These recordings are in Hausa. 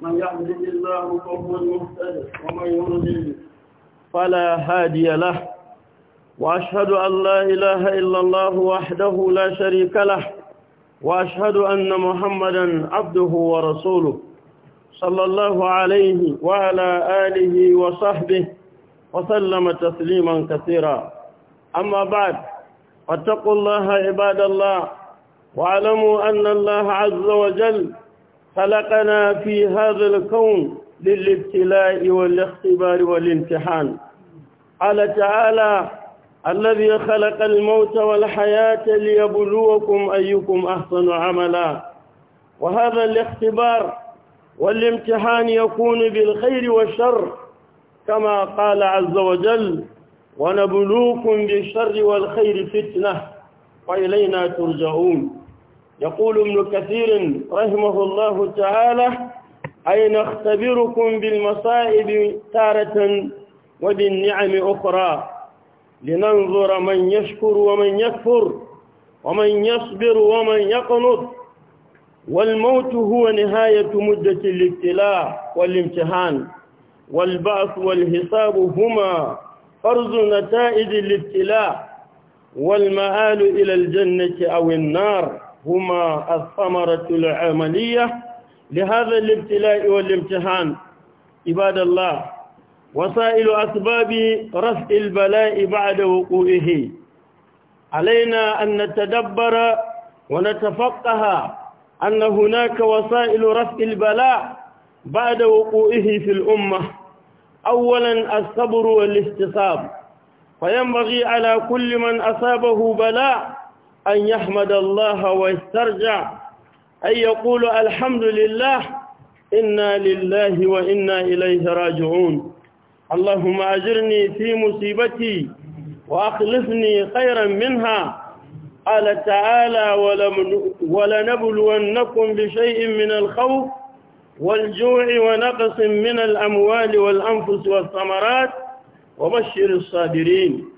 من يهده الله فهو المهتد ومن يضلل فلا هادي له وأشهد أن لا إله إلا الله وحده لا شريك له وأشهد أن محمدا عبده ورسوله صلى الله عليه وعلى آله وصحبه وسلم تسليما كثيرا أما بعد فاتقوا الله عباد الله واعلموا أن الله عز وجل خلقنا في هذا الكون للابتلاء والاختبار والامتحان قال تعالى الذي خلق الموت والحياة ليبلوكم أيكم أحسن عملا وهذا الاختبار والامتحان يكون بالخير والشر كما قال عز وجل ونبلوكم بالشر والخير فتنة وإلينا ترجعون يقول ابن كثير رحمه الله تعالى أي نختبركم بالمصائب تارة وبالنعم أخرى لننظر من يشكر ومن يكفر ومن يصبر ومن يقنط والموت هو نهاية مدة الابتلاء والامتحان والبعث والحساب هما فرض نتائج الابتلاء والمآل إلى الجنة أو النار هما الثمرة العملية لهذا الابتلاء والامتحان عباد الله وسائل أسباب رفع البلاء بعد وقوعه علينا أن نتدبر ونتفقه أن هناك وسائل رفع البلاء بعد وقوعه في الأمة أولا الصبر والاستصاب فينبغي على كل من أصابه بلاء أن يحمد الله ويسترجع أن يقول الحمد لله إنا لله وإنا إليه راجعون اللهم أجرني في مصيبتي وأخلفني خيرا منها قال تعالى ولنبلونكم بشيء من الخوف والجوع ونقص من الأموال والأنفس والثمرات وبشر الصابرين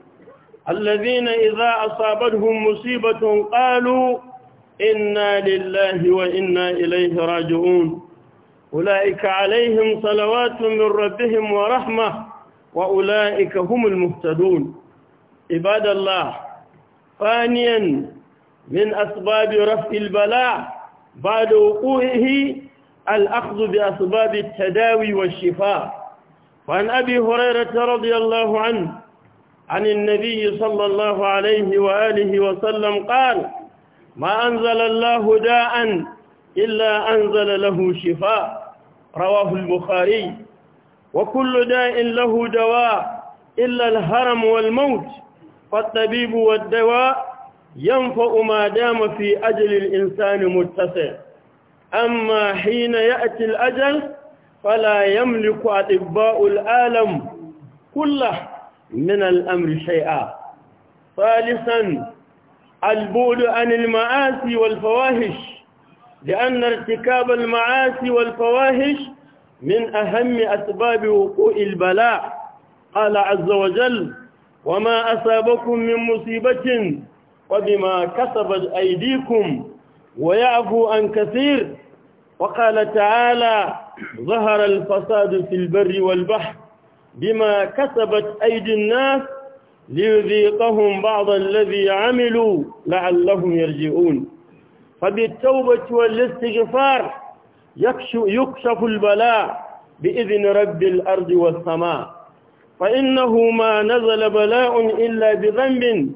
الذين إذا أصابتهم مصيبة قالوا إنا لله وإنا إليه راجعون أولئك عليهم صلوات من ربهم ورحمة وأولئك هم المهتدون عباد الله ثانيا من أسباب رفع البلاء بعد وقوعه الأخذ بأسباب التداوي والشفاء وعن أبي هريرة رضي الله عنه عن النبي صلى الله عليه وآله وسلم قال ما أنزل الله داء إلا أنزل له شفاء رواه البخاري وكل داء له دواء إلا الهرم والموت فالطبيب والدواء ينفأ ما دام في أجل الإنسان متسع أما حين يأتي الأجل فلا يملك أطباء العالم كله من الأمر شيئا ثالثا البول عن المعاصي والفواهش لأن ارتكاب المعاصي والفواهش من أهم أسباب وقوع البلاء قال عز وجل وما أصابكم من مصيبة وبما كسبت أيديكم ويعفو عن كثير وقال تعالى ظهر الفساد في البر والبحر بما كسبت أيدي الناس ليذيقهم بعض الذي عملوا لعلهم يرجعون فبالتوبة والاستغفار يكشف البلاء بإذن رب الأرض والسماء فإنه ما نزل بلاء إلا بذنب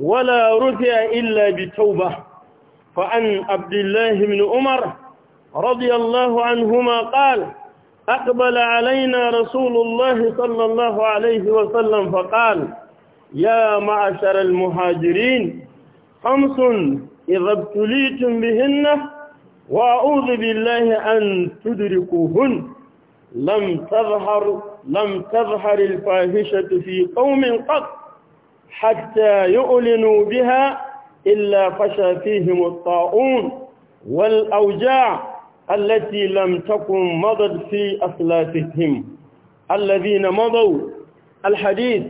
ولا رفع إلا بتوبة فعن عبد الله بن عمر رضي الله عنهما قال أقبل علينا رسول الله صلى الله عليه وسلم فقال يا معشر المهاجرين خمس إذا ابتليتم بهن وأعوذ بالله أن تدركوهن لم تظهر لم تظهر الفاحشة في قوم قط حتى يؤلنوا بها إلا فشى فيهم الطاعون والأوجاع التي لم تكن مضت في أصلاتهم الذين مضوا الحديث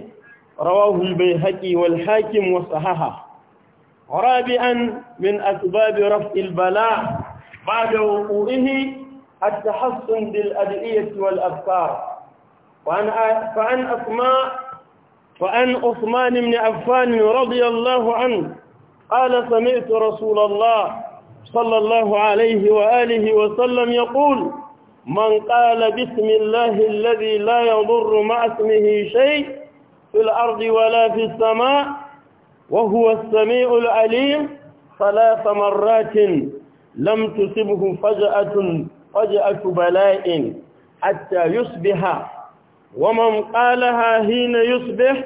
رواه البيهقي والحاكم وصححه رابعا من أسباب رفع البلاء بعد وقوعه التحصن بالأدعية والأذكار وعن فأن أسماء فأن عثمان بن عفان رضي الله عنه قال سمعت رسول الله صلى الله عليه وآله وسلم يقول من قال بسم الله الذي لا يضر مع اسمه شيء في الأرض ولا في السماء وهو السميع العليم ثلاث مرات لم تصبه فجأة, فجأة بلاء حتى يصبح ومن قالها حين يصبح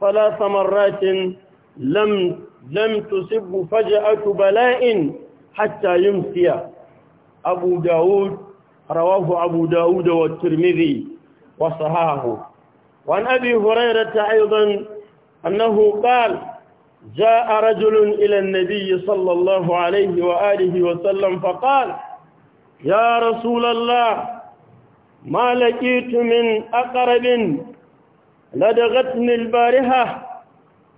ثلاث مرات لم لم تصبه فجأة بلاء حتى يمسي أبو داود رواه أبو داود والترمذي وصحاه وعن أبي هريرة أيضا أنه قال جاء رجل إلى النبي صلى الله عليه وآله وسلم فقال يا رسول الله ما لقيت من أقرب لدغتني البارحة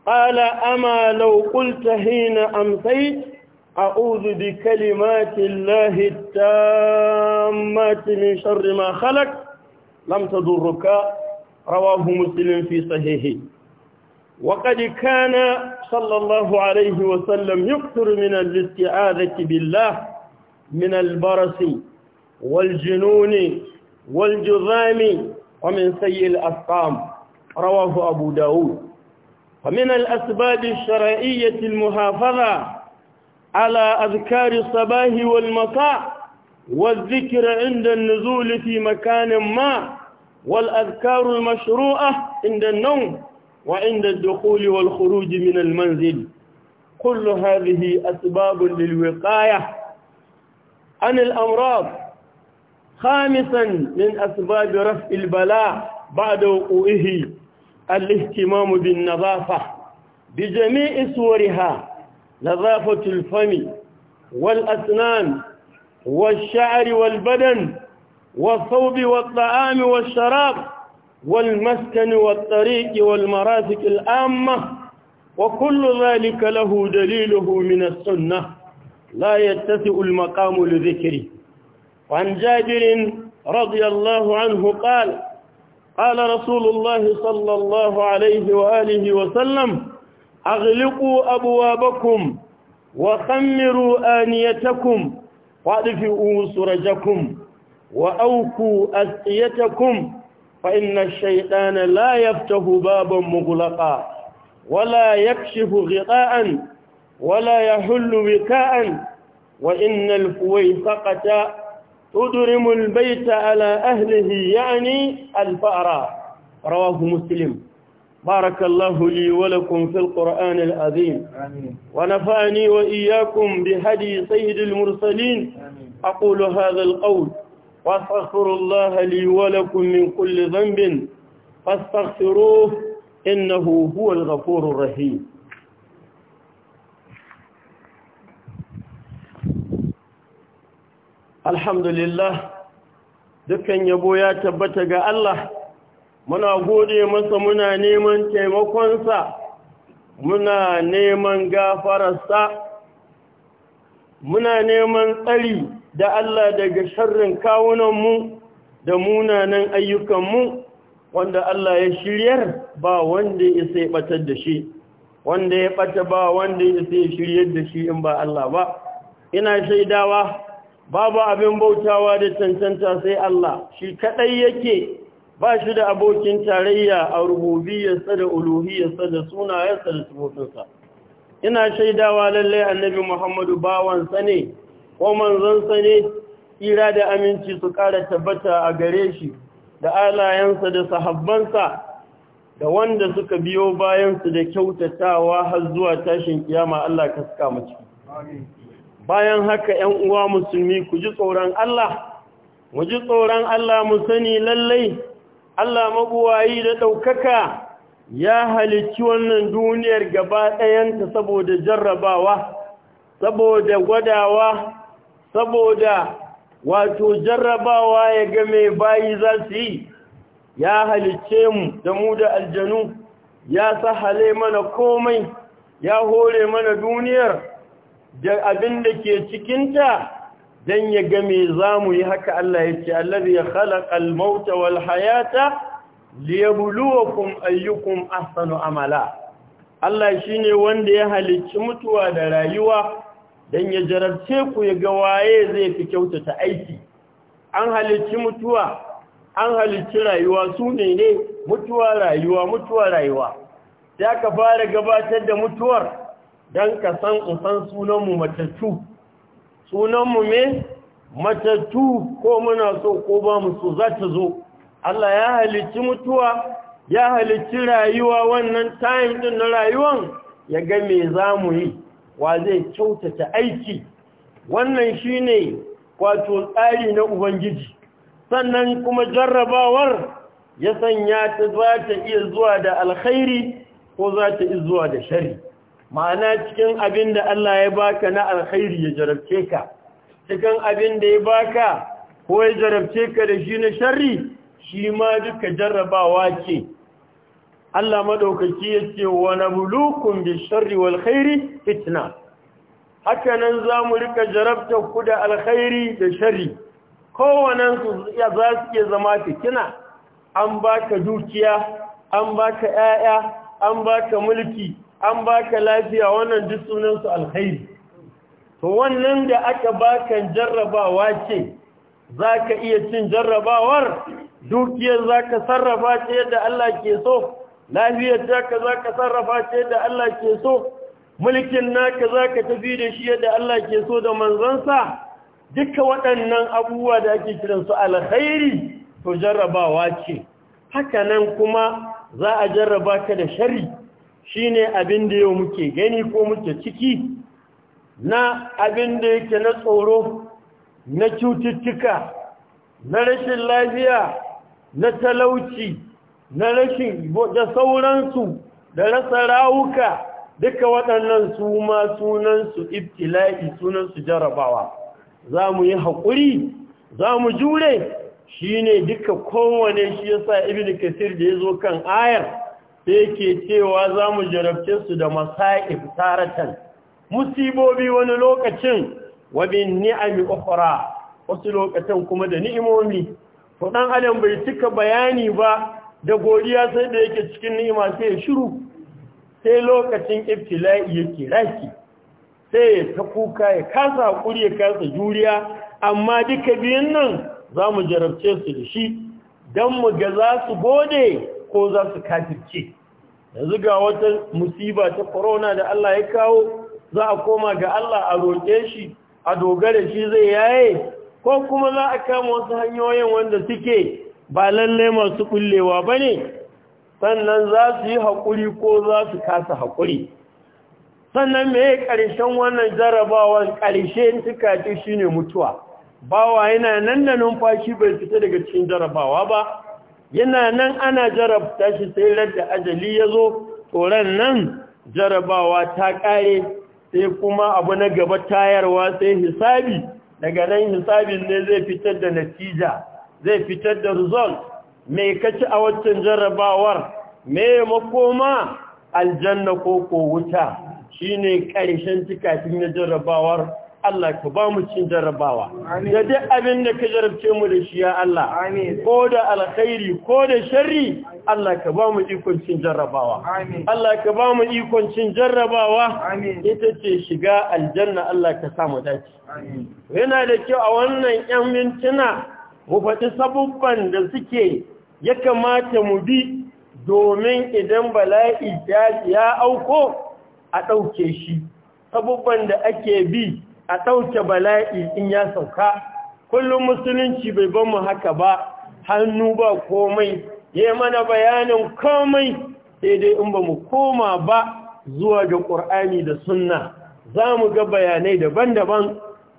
قال أما لو قلت حين أمسيت أعوذ بكلمات الله التامات من شر ما خلق لم تضرك رواه مسلم في صحيحه وقد كان صلى الله عليه وسلم يكثر من الاستعاذة بالله من البرس والجنون والجذام ومن سيء الأسقام رواه أبو داود ومن الأسباب الشرعية المحافظة على أذكار الصباح والمساء والذكر عند النزول في مكان ما والأذكار المشروعة عند النوم وعند الدخول والخروج من المنزل كل هذه أسباب للوقاية عن الأمراض خامسا من أسباب رفع البلاء بعد وقوعه الاهتمام بالنظافة بجميع صورها نظافة الفم والأسنان والشعر والبدن والثوب والطعام والشراب والمسكن والطريق والمرافق العامة وكل ذلك له دليله من السنة لا يتسع المقام لذكره وعن جابر رضي الله عنه قال قال رسول الله صلى الله عليه وآله وسلم أغلقوا أبوابكم وخمروا آنيتكم وادفئوا سرجكم وأوكوا أسئيتكم فإن الشيطان لا يفتح بابا مغلقا ولا يكشف غطاء ولا يحل وكاء وإن الفويفقة تدرم البيت على أهله يعني الفأرة رواه مسلم بارك الله لي ولكم في القرآن العظيم ونفعني وإياكم بهدي سيد المرسلين أقول هذا القول واستغفر الله لي ولكم من كل ذنب فاستغفروه إنه هو الغفور الرحيم الحمد لله dukkan yabo ya tabbata ga Allah muna gode masa muna neman taimakonsa muna neman gafararsa muna neman tsari da Allah daga sharrin kawunanmu da munanan ayyukanmu wanda Allah ya shiryar ba wanda ya sai batar da shi wanda ya bata ba wanda ya sai shiryar da shi in ba Allah ba ina shaidawa babu abin bautawa da cancanta sai Allah shi kadai yake ba shi da abokin tarayya a rububiyarsa da uluhiyarsa da sunayensa da sifofinsa ina shaidawa lallai annabi muhammadu bawansa ne ko manzansa ne tsira da aminci su kara tabbata a gare shi da alayensa da sahabbansa da wanda suka biyo bayansu da kyautatawa har zuwa tashin kiyama Allah ka saka mu bayan haka 'yan uwa musulmi ku ji tsoron Allah mu ji tsoron Allah mu sani lallai Allah mabuwayi da ɗaukaka ya halicci wannan duniyar gaba ɗayanta saboda jarrabawa saboda gwadawa saboda wato jarrabawa ya ga mai bayi za su yi ya halicce mu da mu da aljanu ya sahale mana komai ya hore mana duniyar da abin da ke cikinta dan ya ga me zamu yi haka Allah yace allazi al mauta wal hayata liyabluwakum ayyukum ahsanu amala Allah shine wanda ya halicci mutuwa da rayuwa dan ya jarabce ku ya ga waye zai fi kyautata aiki an halicci mutuwa an halicci rayuwa su ne ne mutuwa rayuwa mutuwa rayuwa sai ka fara gabatar da mutuwar dan ka san usan sunan mu matattu sunanmu me matattu ko muna so ko ba mu so za ta zo Allah ya halicci mutuwa ya halicci rayuwa wannan time din na rayuwan ya ga me za mu yi wa zai kyautata aiki wannan shine wato tsari na ubangiji sannan kuma jarrabawar ya sanya ta za ta iya zuwa da alkhairi ko za ta iya zuwa da shari ma'ana cikin abin da Allah ya baka na alkhairi ya jarabce ka cikin abin da ya baka ko ya jarabce ka da shi na sharri shi ma duka jarrabawa ce Allah madaukaki ya wa nabluukum bi sharri wal khairi fitna haka nan mu rika jarabta ku da alkhairi da sharri kowannen su za su iya zama fitina an baka dukiya an baka 'ya'ya, an baka mulki an baka lafiya wannan duk sunansu alkhairi to wannan da aka baka jarrabawa ce zaka iya cin jarrabawar dukiyar za ka sarrafa ce yadda Allah ke so lafiyar zaka za sarrafa ce yadda Allah ke so mulkin naka za tafi da shi yadda Allah ke so da manzansa duka waɗannan abubuwa da ake kiran su alkhairi to jarrabawa ce haka nan kuma za a jarraba ka da shari Shi ne abin da yau muke gani ko muke ciki na abin da yake na tsoro na cututtuka na rashin lafiya na talauci na rashin da sauransu da rasa rawuka duka waɗannan su ma sunansu ibtila'i sunansu jarabawa za mu yi haƙuri za mu jure shi ne duka kowane shi ya sa da kasir da ya zo kan ayar sai ke cewa za mu jarabce su da masa'ib taratan musibobi wani lokacin wabin ni'ami ƙwara wasu lokacin kuma da ni'imomi to adam bai cika bayani ba da godiya sai da yake cikin ni'ima sai ya shiru sai lokacin iftila'i yake raki sai ta kuka ya kasa hakuri ya kasa juriya amma duka biyun nan za mu jarabce su da shi don mu ga za su gode ko za su kafirce yanzu ga wata musiba ta corona da Allah ya kawo za a koma ga Allah a roƙe shi a dogara shi zai yaye ko kuma za a kama wasu hanyoyin wanda suke ba lalle masu kullewa ba ne sannan za su yi haƙuri ko za su kasa haƙuri sannan mai ƙarshen wannan jarabawan ƙarshe tukaci shi ne mutuwa bawa yana nan da numfashi bai fita daga cikin jarabawa ba yana nan ana jarabta shi sai radda ajali ya zo tsoron nan jarabawa ta ƙare sai kuma abu na gaba tayarwa sai hisabi daga nan hisabin ne zai fitar da natija zai fitar da result mai kaci a waccan jarabawar mai makoma aljanna ko ko wuta shine ƙarshen cikakin na jarabawar Allah ka ba mu cin jarrabawa da duk abin da ka jarabce mu da shi ya Allah ko da alkhairi ko da sharri Allah ka ba mu ikon cin jarrabawa Allah ka ba mu ikon cin jarrabawa ita ce shiga aljanna Allah ka sa mu dace yana da kyau a wannan 'yan mintuna mu faɗi sabubban da suke ya kamata mu bi domin idan bala'i ya auko a ɗauke shi sabubban da ake bi a ɗauke bala'i in ya sauka kullum musulunci bai ban mu haka ba hannu ba komai ya mana bayanin komai sai dai in ba mu koma ba zuwa ga ƙur'ani da sunna za mu ga bayanai daban-daban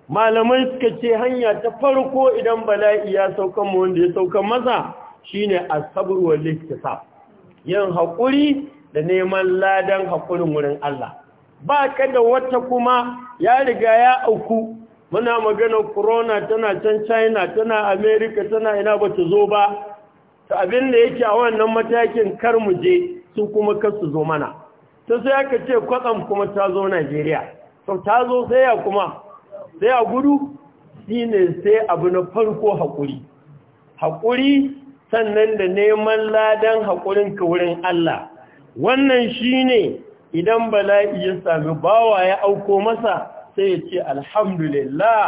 malamai suka ce hanya ta farko idan bala'i ya saukan mu wanda ya saukan masa shi shine asabar likita yin haƙuri da neman ladan haƙurin wurin Allah ba ka da wata kuma ya riga ya auku muna maganar corona tana can china tana america tana ina ba ta zo ba ta abin da yake a wannan matakin kar mu je sun kuma kar su zo mana ta sai aka ce kwatsam kuma ta zo najeriya to ta zo sai ya kuma sai ya gudu shi ne sai abu na farko haƙuri haƙuri sannan da neman ladan haƙurinka wurin allah wannan shi ne idan bala'i ya sami bawa ya auko masa sai ya ce alhamdulillah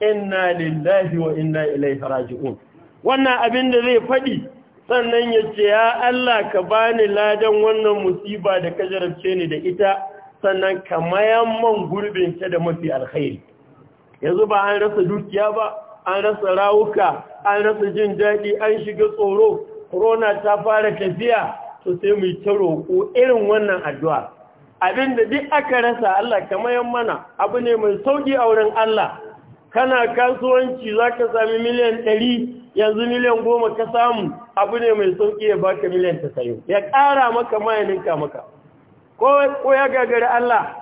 inna lillahi wa inna ilaihi raji'un wannan abin da zai faɗi sannan ya ce ya Allah ka bani ladan wannan musiba da ka jarabce ni da ita sannan ka mayan man gurbin ta da mafi alkhairi yanzu ba an rasa dukiya ba an rasa rawuka an rasa jin daɗi an shiga tsoro corona ta fara tafiya to sai mu yi ta roƙo irin wannan addu'a Abinda da duk aka rasa Allah kamar mana abu ne mai sauƙi a wurin Allah kana kasuwanci za ka sami miliyan ɗari yanzu miliyan goma ka samu abu ne mai sauƙi ya baka miliyan tasayin ya ƙara maka mayaninka maka ko ya gagari Allah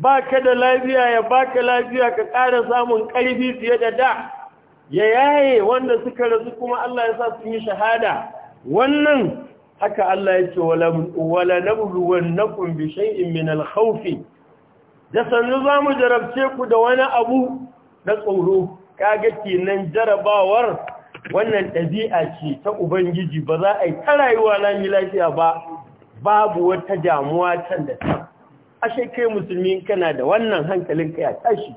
ba ka da lafiya ya baka lafiya ka ƙara samun ƙarfi fiye da da ya yaye wanda suka rasu kuma Allah ya sa sun yi shahada wannan haka Allah ya ce wala nabluwannakum bi shay'in min al-khawf da za zamu jarabce ku da wani abu na tsoro kaga kenan jarabawar wannan ɗabi'a ce ta ubangiji ba za a yi ta rayuwa lami lafiya ba babu wata damuwa can da ta ashe kai musulmi kana da wannan hankalin ka ya tashi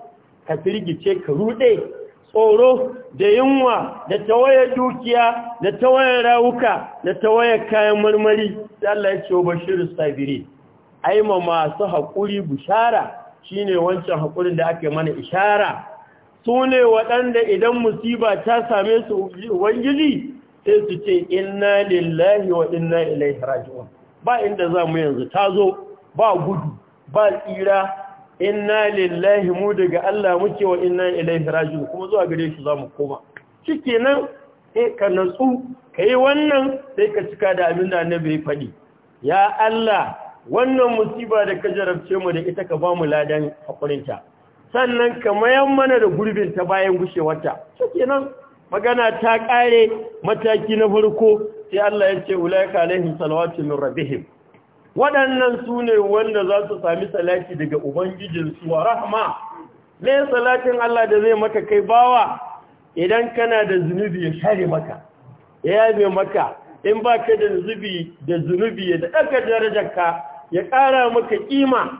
ka firgice ka rude tsoro da yunwa da tawayar dukiya da tawayar rawuka da tawayar kayan marmari da Allah ya ce wa bashiru sabiri aima masu haƙuri bushara shine wancan haƙurin da ake mana ishara su ne waɗanda idan musiba ta same su ubangiji sai su ce inna lillahi wa inna ilaihi raji'un ba inda za mu yanzu ta zo ba gudu ba tsira inna lillahi mu daga Allah muke wa inna ilaihi raji'un kuma zuwa gare shi mu koma shikenan sai eh, ka natsu kai wannan sai ka cika da abin da annabi ya faɗi ya Allah wannan musiba da ka jarabce mu da ita ka ba mu ladan hakurinta sannan ka mayan mana da gurbin ta bayan gushewarta shikenan magana ta kare mataki na farko sai Allah ya ce ulaika alaihim salawatu min rabbihim waɗannan su ne wanda za su sami salaki daga ubangijinsu wa rahama ne salatin Allah da zai maka kai bawa idan kana da zunubi ya share maka ya yabe maka in ba ka da zunubi da zunubi ya daɗaka darajarka ya ƙara maka ƙima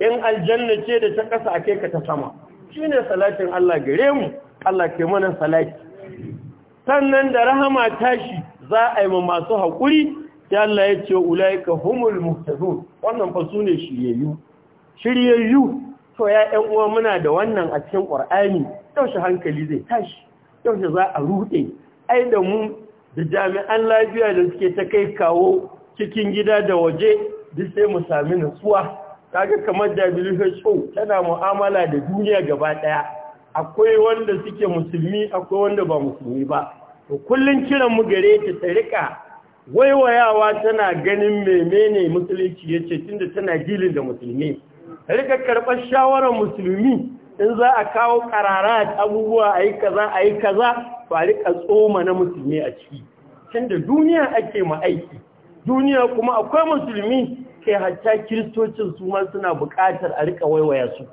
in aljanna ce da ta ƙasa a kai ka ta sama shi ne salatin Allah gare mu Allah ke mana salaki. sannan da rahama tashi za a yi ma masu haƙuri sai Allah ya ce ulaika humul muhtadun wannan fa sune shiryayyu shiryayyu to ya ɗan uwa muna da wannan a cikin Qur'ani yaushe hankali zai tashi yaushe za a ruɗe? ai da mu da jami'an lafiya da suke ta kai kawo cikin gida da waje duk sai mu sami nutsuwa kaga kamar WHO tana mu'amala da duniya gaba daya akwai wanda suke musulmi akwai wanda ba musulmi ba to kullun kiran mu gare ta tsarika waiwayawa tana ganin menene musulunci ya yace tunda tana gilin da musulmi rika karɓar shawarar musulmi in za a kawo karara abubuwa a yi kaza a yi kaza ba rika tsoma na musulmi a ciki tunda duniya ake ma aiki duniya kuma akwai musulmi ke hatta kiristocin su ma suna buƙatar a rika waiwaya su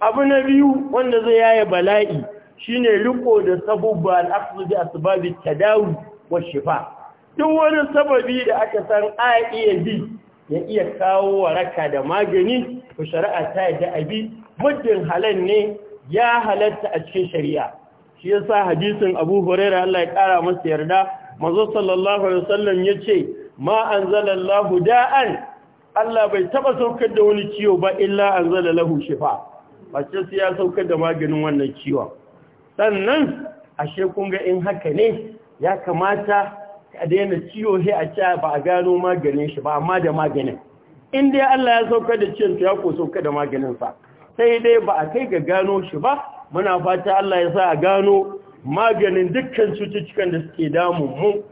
abu na biyu wanda zai yaya bala'i shine riko da sabubba al da bi asbab wa shifa duk wani sababi da aka san a iya bi ya iya kawo waraka da magani ko shari'a ta yadda a muddin halal ne ya halarta a cikin shari'a shi yasa hadisin Abu Hurairah Allah ya kara masa yarda manzo sallallahu alaihi wasallam yace ma anzalallahu da'an Allah bai taba saukar da wani ciwo ba illa anzala lahu shifa bace sai ya saukar da maganin wannan ciwon sannan ashe kun ga in haka ne ya kamata a daina ciwo sai a ce ba a gano maganin shi ba amma da maganin in dai Allah ya sauka da ciwon ya ko sauka da maganin sa sai dai ba a kai ga gano shi ba muna fata Allah ya sa a gano maganin dukkan cututtukan da suke damun mu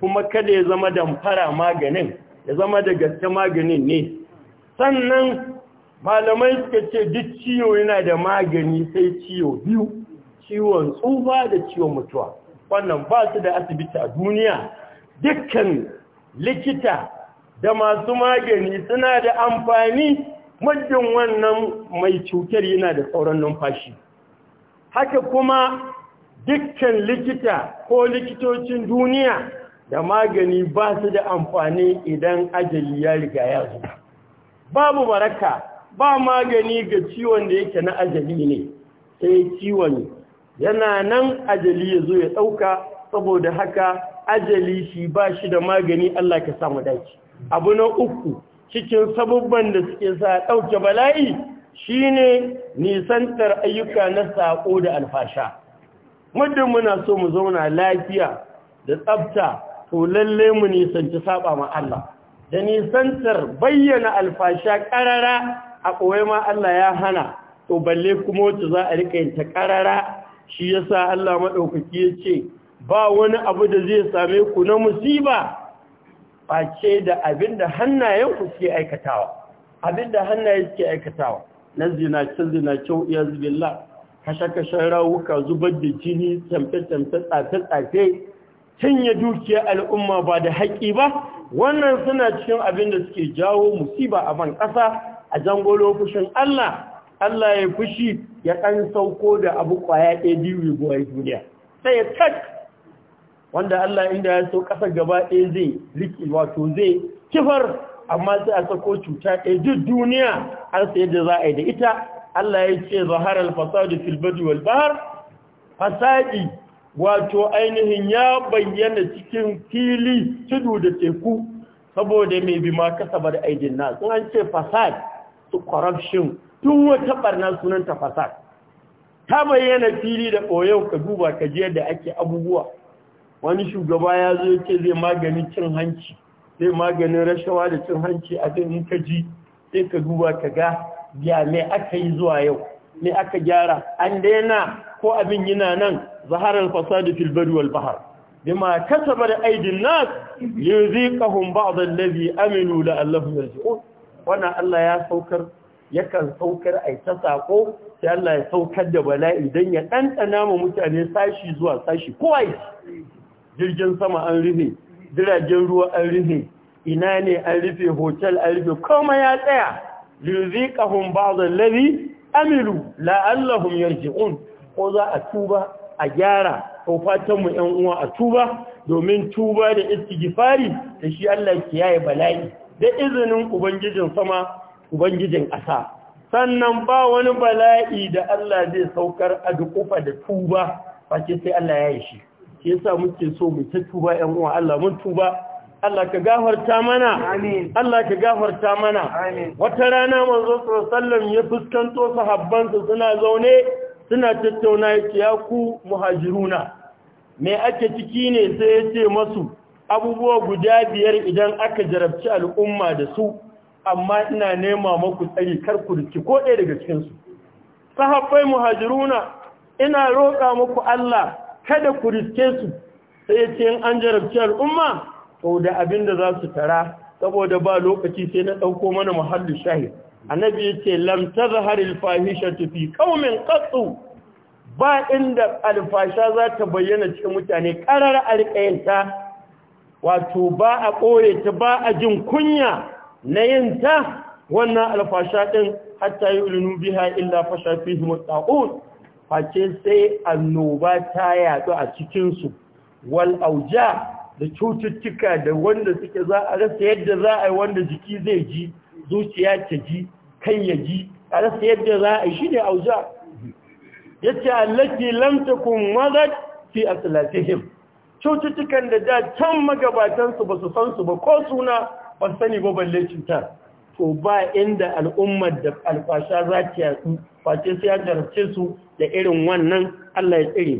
kuma kada ya zama damfara maganin ya zama da gaske maganin ne sannan malamai suka ce duk ciwo yana da magani sai ciwo biyu ciwon tsufa da ciwon mutuwa wannan ba su da asibiti a duniya dukkan likita da masu magani suna da amfani muddin wannan mai cutar yana da tsauran numfashi haka kuma dukkan likita ko likitocin duniya da magani ba su da amfani idan ajali ya riga ya zo babu baraka ba magani ga ciwon da yake na ajali ne sai ciwon yana nan ajali ya zo ya ɗauka saboda haka ajali shi ba shi da magani Allah ka samu daji abu na uku cikin sabubban da suke sa ɗauke bala'i shi ne nisantar ayyuka na saƙo da alfasha muddin muna so mu zauna lafiya da tsabta to lalle mu nisanci saba ma Allah da nisantar bayyana alfasha ƙarara a ƙoyama Allah ya hana to balle kuma wacce za a riƙa yin ƙarara shi ya sa Allah maɗaukaki ya ce ba wani abu da zai same ku na musiba ba ce da abinda hannayen ku suke aikatawa abin da hannaye suke aikatawa na zinace zinace iyaz billah kashe kashen rawuka zubar da jini tamfe tamfe tsafe tsafe cinye dukiyar al'umma ba da haƙi ba wannan suna cikin abin da suke jawo musiba a ban ƙasa a jangolo Allah Allah ya fushi ya ɗan sauko da abu ƙwaya ɗaya biyu goyi duniya sai ya tak wanda Allah inda ya so ƙasa gaba ɗaya zai riƙi wato zai kifar amma sai a sako cuta ɗaya duk duniya har sai da za a yi da ita Allah ya ce zahar al-fasadu fil fasadi wato ainihin ya bayyana cikin fili tudu da teku saboda mai bi ma ba da aidin nas an ce fasad to corruption tun wata barna sunanta fasad ta bayyana fili da ɓoyau ka duba ka je da ake abubuwa wani shugaba ya zo ce zai magani cin hanci zai maganin rashawa da cin hanci a kan in ka ji sai ka duba ka ga ya me aka yi zuwa yau me aka gyara an daina ko abin yana nan zaharar fasadu fil badu wal bahar bima kasaba da aidin nas yuziqahum ba'd aminu amilu la'allahum yarji'un wannan Allah ya saukar yakan saukar a ta sako sai Allah ya saukar da bala'i don ya ɗanɗana ma mutane sashi zuwa sashi kowai jirgin sama an rufe jiragen ruwa an rufe ina ne an rufe hotel an rufe koma ya tsaya ƙahun lirzikahum ba'd amiru la'allahun la'allahum yarji'un ko za a tuba a gyara ko fatan mu ƴan uwa a tuba domin tuba da gifari? da shi Allah kiyaye bala'i da izinin ubangijin sama ubangijin ƙasa sannan ba wani bala'i da Allah zai saukar a dukufa da tuba face sai Allah ya yi shi Ke sa muke so mai ta tuba ‘yan’uwa Allah mun tuba Allah ka gafarta mana Allah ka gafarta mana wata rana manzo sallallahu ya fuskanto su su suna zaune suna tattauna ya ku muhajiruna me ake ciki ne sai ya ce masu abubuwa guda biyar idan aka jarabci al'umma da su amma ina nema maku tsari kar ku riki ko ɗaya daga cikinsu sahabbai muhajiruna ina roƙa maku Allah kada ku riske su sai ce in an jarabci al'umma to da abin da za su tara saboda ba lokaci sai na ɗauko mana muhallu shahid annabi ya ce lamta zahar alfahisha fahishatu fi qaumin ba inda alfasha za ta bayyana cikin mutane karar alƙayinta wato ba a ƙoye ta ba a jin kunya na yin ta wannan alfasha ɗin hatta yi ulinu biha illa fasha fi mutaun face sai annoba ta yaɗu a cikinsu wal auja da cututtuka da wanda suke za a rasa yadda za a yi wanda jiki zai ji zuciya ta ji kai ya ji a rasa yadda za a yi shi ne auja ya ce allaki lamtakun mazat fi asilatihim cututtukan da da can magabatansu ba su san su ba ko suna ban sani ba balle cutar to ba inda al'ummar da alfasha za ta yatsu face sai ya jarabce su da irin wannan Allah ya tsire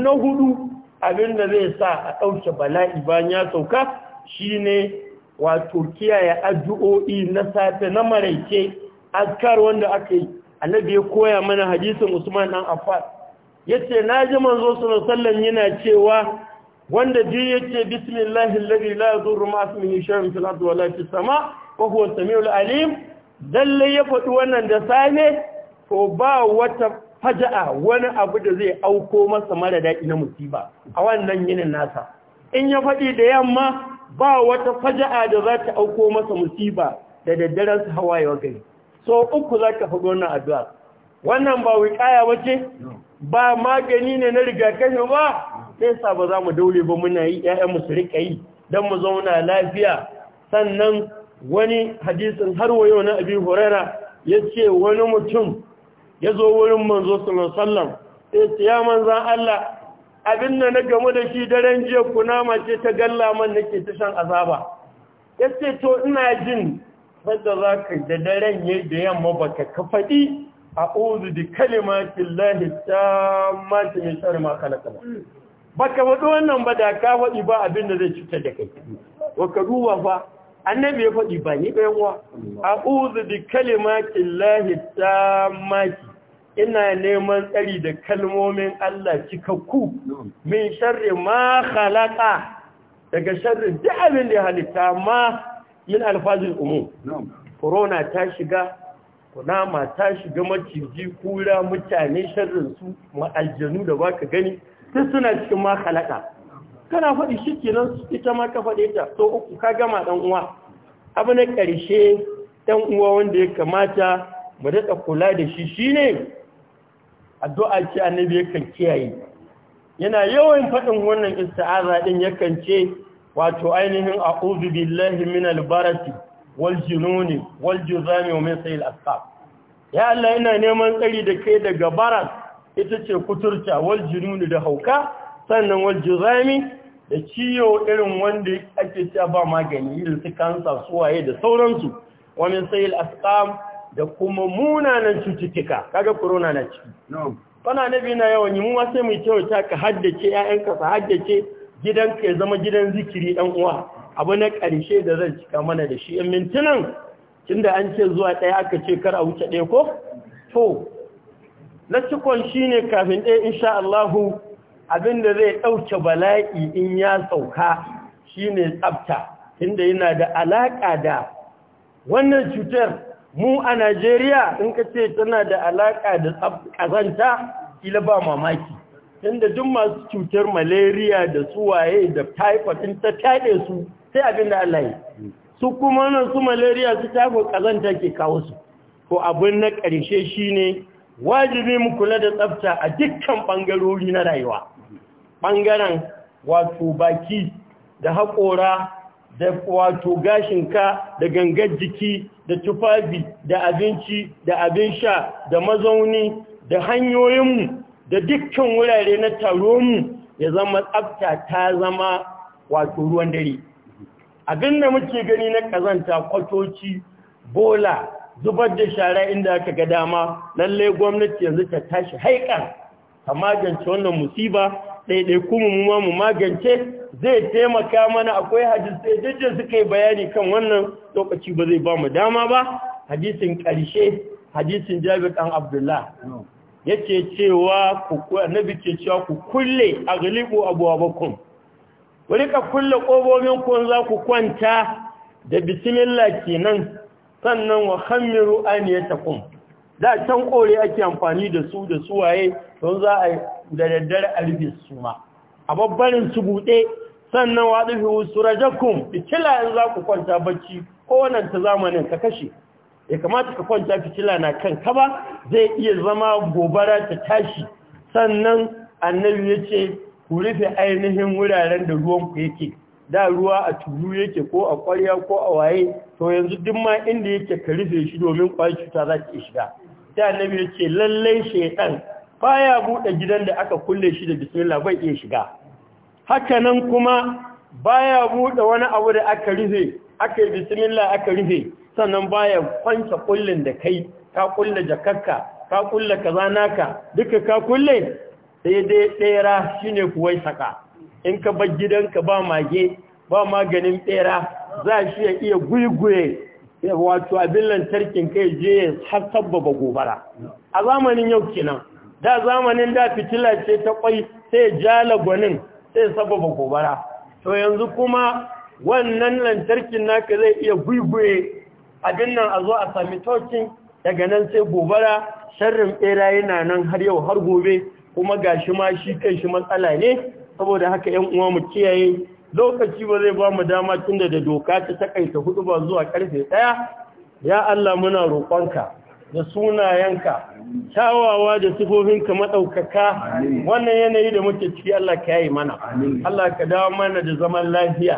na hudu abin da zai sa a ɗauke bala'i ba ya sauka shine wato kiyaye addu'o'i na safe na maraice azkar wanda aka yi annabi ya koya mana hadisin Usman dan Affan yace naji manzo sallallahu alaihi wasallam yana cewa wanda ji yake bismillahi lalli la yadurru ma ismihi shay'un fil ardi wala sama wa huwa as-sami'ul alim dalle ya faɗi wannan da sane ko ba wata faja'a wani abu da zai auko masa mara daɗi na musiba a wannan yinin nasa in ya faɗi da yamma ba wata faja'a da za ta auko masa musiba da daddaren su hawaye gari so uku za ka wannan addu'a wannan ba wikaya ba ce ba magani ne na rigakafi ba sai sa ba za mu daure ba muna yi 'ya'yan su rika yi don mu zauna lafiya sannan wani hadisin har wayo na abi huraira ya ce wani mutum ya zo wurin manzo sallallahu sai ya manzan Allah abin da na gamu da shi daren jiya kunama ce ta galla man nake ta azaba ya ce to ina jin sadda za ka da daren yi da yamma baka ka faɗi a'udhu bi kalimatin lahi tammati min sharri ma khalaqa baka wadu wannan ba da ka wadi ba abin da zai cutar da kai baka ka duba fa annabi ya fadi ba ni bayan wa a'udhu bi kalimatin lahi tammati ina neman tsari da kalmomin Allah cikakku min sharri ma khalaqa daga sharri duk abin da ya halitta ma yin alfazil umum corona ta shiga Kuna mata shiga maciji kura mutane sharrinsu ma'aljanu da ba ka gani sai suna cikin ma halaka kana faɗi shi kenan ita ma ka faɗe ta to uku ka gama ɗan uwa abu na ƙarshe ɗan uwa wanda ya kamata mu daɗa kula da shi shine addu'a ce annabi yakan kiyaye yana yawan faɗin wannan isti'aza din yakan ce wato ainihin a'udhu billahi minal Waljinoni, jununi wa min sayil asqab ya Allah ina neman tsari da kai daga baras ita ce kuturta Waljinoni da hauka sannan wal da ciyo irin wanda ake cewa ba magani irin su kansa suwaye da sauransu wa min sayil asqab da kuma munanan cututtuka kaga corona na ciki kana nabi na yawan yi mu sai mu kyauta ka haddace ƴaƴanka kasa, haddace gidanka ya zama gidan zikiri dan uwa abu na ƙarshe da zan cika mana da shi in mintunan tunda an ce zuwa ɗaya aka ce kar a wuce ɗaya ko to na cikon shi ne kafin ɗaya insha Allahu abinda zai ɗauke bala'i in ya sauka shi ne tsabta inda yana da alaƙa da wannan cutar mu a Najeriya in ka ce tana da alaƙa da ƙazanta ila ba mamaki inda duk masu cutar malaria da tsuwaye da typhoid in ta taɗe su sai abin da Allah yi su kuma nan su malaria su tago kazanta ke kawo su ko abin na ƙarshe shine wajibi mu kula da tsafta a dukkan ɓangarori na rayuwa Ɓangaren, wato baki da haƙora da wato gashinka da gangar jiki da tufafi da abinci da abin sha da mazauni da hanyoyinmu da dukkan wurare na taro mu ya zama tsafta ta zama wato ruwan dare abinda muke gani na kazanta kwatoci bola zubar da shara inda aka ga dama lallai gwamnati yanzu ta tashi haikan ta magance wannan musiba ɗaiɗai kuma mu ma mu magance zai taimaka mana akwai hadisai dukkan suka yi bayani kan wannan lokaci ba zai ba mu dama ba hadisin ƙarshe hadisin jabir ɗan abdullah yake cewa ku annabi ke cewa ku kulle aglibu abwabakum ku rika kulle ƙobobin kun za ku kwanta da bismillah kenan sannan wa ya aniyatakum da can kore ake amfani da su da suwaye don za a da daddare a rufe su ma a babbarin su buɗe sannan wa dufi su rajakum fitila in za ku kwanta bacci ko wannan ta zamanin ka kashe ya kamata ka kwanta fitila na kan kaba zai iya zama gobara ta tashi sannan annabi ya ce ku rufe ainihin wuraren da ruwan ku yake da ruwa a tulu yake ko a ƙwarya ko a waye to yanzu duk ma inda yake ka rufe shi domin ƙwayar cuta za ta shiga da annabi yace lallai shaytan baya buɗe gidan da aka kulle shi da bismillah bai iya shiga haka nan kuma baya buɗe wani abu da aka rufe aka yi bismillah aka rufe sannan baya kwance kullin da kai ka kulle jakarka ka kulle kaza naka duka ka kulle sai dai ɗera shine kuwai saka in ka bar gidanka ba mage ba maganin ɗera za shi ya iya guiguye wato abin lantarkin kai je ya har sabbaba gobara a zamanin yau kenan da zamanin da fitila ce ta kwai sai ja lagwanin sai sababa gobara to yanzu kuma wannan lantarkin naka zai iya guiguye abin nan a zo a sami tokin daga nan sai gobara sharrin tsera yana nan har yau har gobe kuma ga shi ma shi kan shi matsala ne saboda haka yan uwa mu kiyaye lokaci ba zai ba mu dama tunda da doka ta takaita hudu ba zuwa karfe ɗaya. ya Allah muna roƙonka da sunayenka kyawawa da sifofinka maɗaukaka wannan yanayi da muke ciki Allah ka yi mana Allah ka dawo mana da zaman lafiya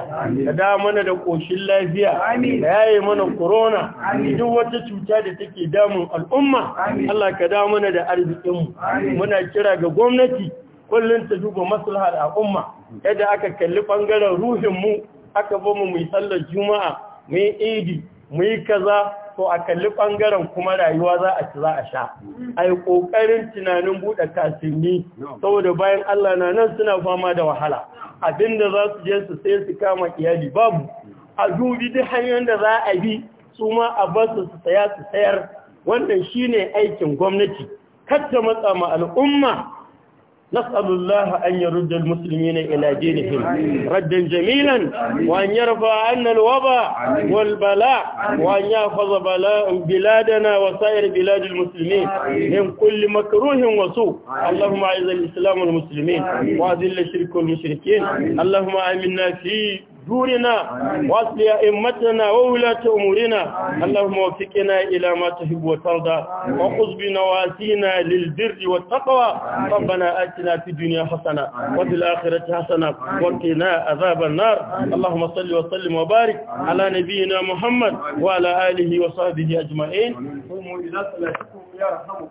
ka dawo mana da ƙoshin lafiya ka yaye mana corona duk wata cuta da take damun al'umma Allah ka dawo mana da arzikinmu muna kira ga gwamnati kullum ta duba maslahar al'umma yadda aka kalli ɓangaren ruhinmu aka bamu mu yi sallar juma'a mu yi idi mu yi kaza to a kalli ɓangaren kuma rayuwa za a ci za a sha a yi ƙoƙarin tunanin buɗe kasinni saboda bayan Allah na nan suna fama da wahala abinda za su je su sai su kama iyali babu a dubi duk hanyar da za a bi su ma a ba su su saya su sayar wannan shine aikin gwamnati katta matsa ma al'umma نسأل الله أن يرد المسلمين إلى دينهم ردا جميلا وأن يرفع عنا الوباء والبلاء وأن يحفظ بلاء بلادنا وسائر بلاد المسلمين من كل مكروه وسوء اللهم أعز الإسلام والمسلمين وأذل الشرك والمشركين اللهم آمنا في دورنا واصلي أئمتنا وولاة أمورنا اللهم وفقنا إلى ما تحب وترضى وخذ بنواسينا للبر والتقوى ربنا آتنا في الدنيا حسنة وفي الآخرة حسنة وقنا عذاب النار اللهم صل وسلم وبارك على نبينا محمد وعلى آله وصحبه أجمعين قوموا إلى صلاتكم يا رحمة